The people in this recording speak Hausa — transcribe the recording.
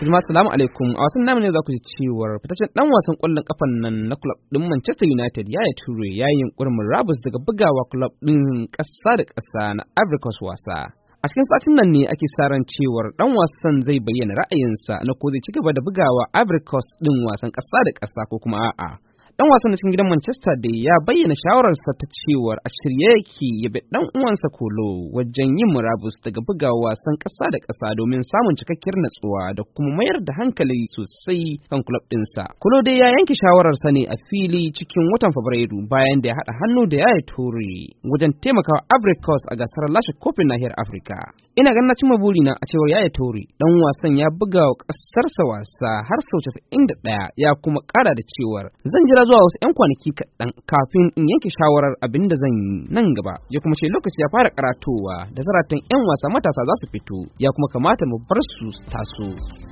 Tuma salamu alaikum a wasan namu ne za ku ji cewar fitaccen dan wasan kwallon kafan nan na club din Manchester United ya yi ture ya yi yunkurin murabus daga bugawa club din kasa da kasa na Africa's wasa. A cikin satin nan ne ake sa ran cewar dan wasan zai bayyana ra'ayinsa na ko zai ci gaba da bugawa Africa's din wasan kasa da kasa ko kuma a'a. dan wasan da cikin gidan Manchester da ya bayyana shawararsa ta cewar a shirye yake ya bi dan uwansa Kolo wajen yin murabus daga buga wasan ƙasa da ƙasa domin samun cikakkiyar natsuwa da kuma mayar da hankali sosai kan club sa, Kolo dai ya yanke shawararsa ne a fili cikin watan Fabrairu bayan da ya haɗa hannu da yaya Ture wajen taimakawa Abricos a gasar lashe kofin nahiyar Afirka. Ina ganin na cimma burina a cewar yaya Ture dan wasan ya buga wa ƙasarsa wasa har sau 91 ya kuma ƙara da cewar zan jira zuwa wasu 'yan kwanaki kaɗan kafin in yanke shawarar abin da zan yi nan gaba ya kuma ce lokaci ya fara karatowa da zaratan 'yan wasa matasa za su fito ya kuma kamata mu bar su taso.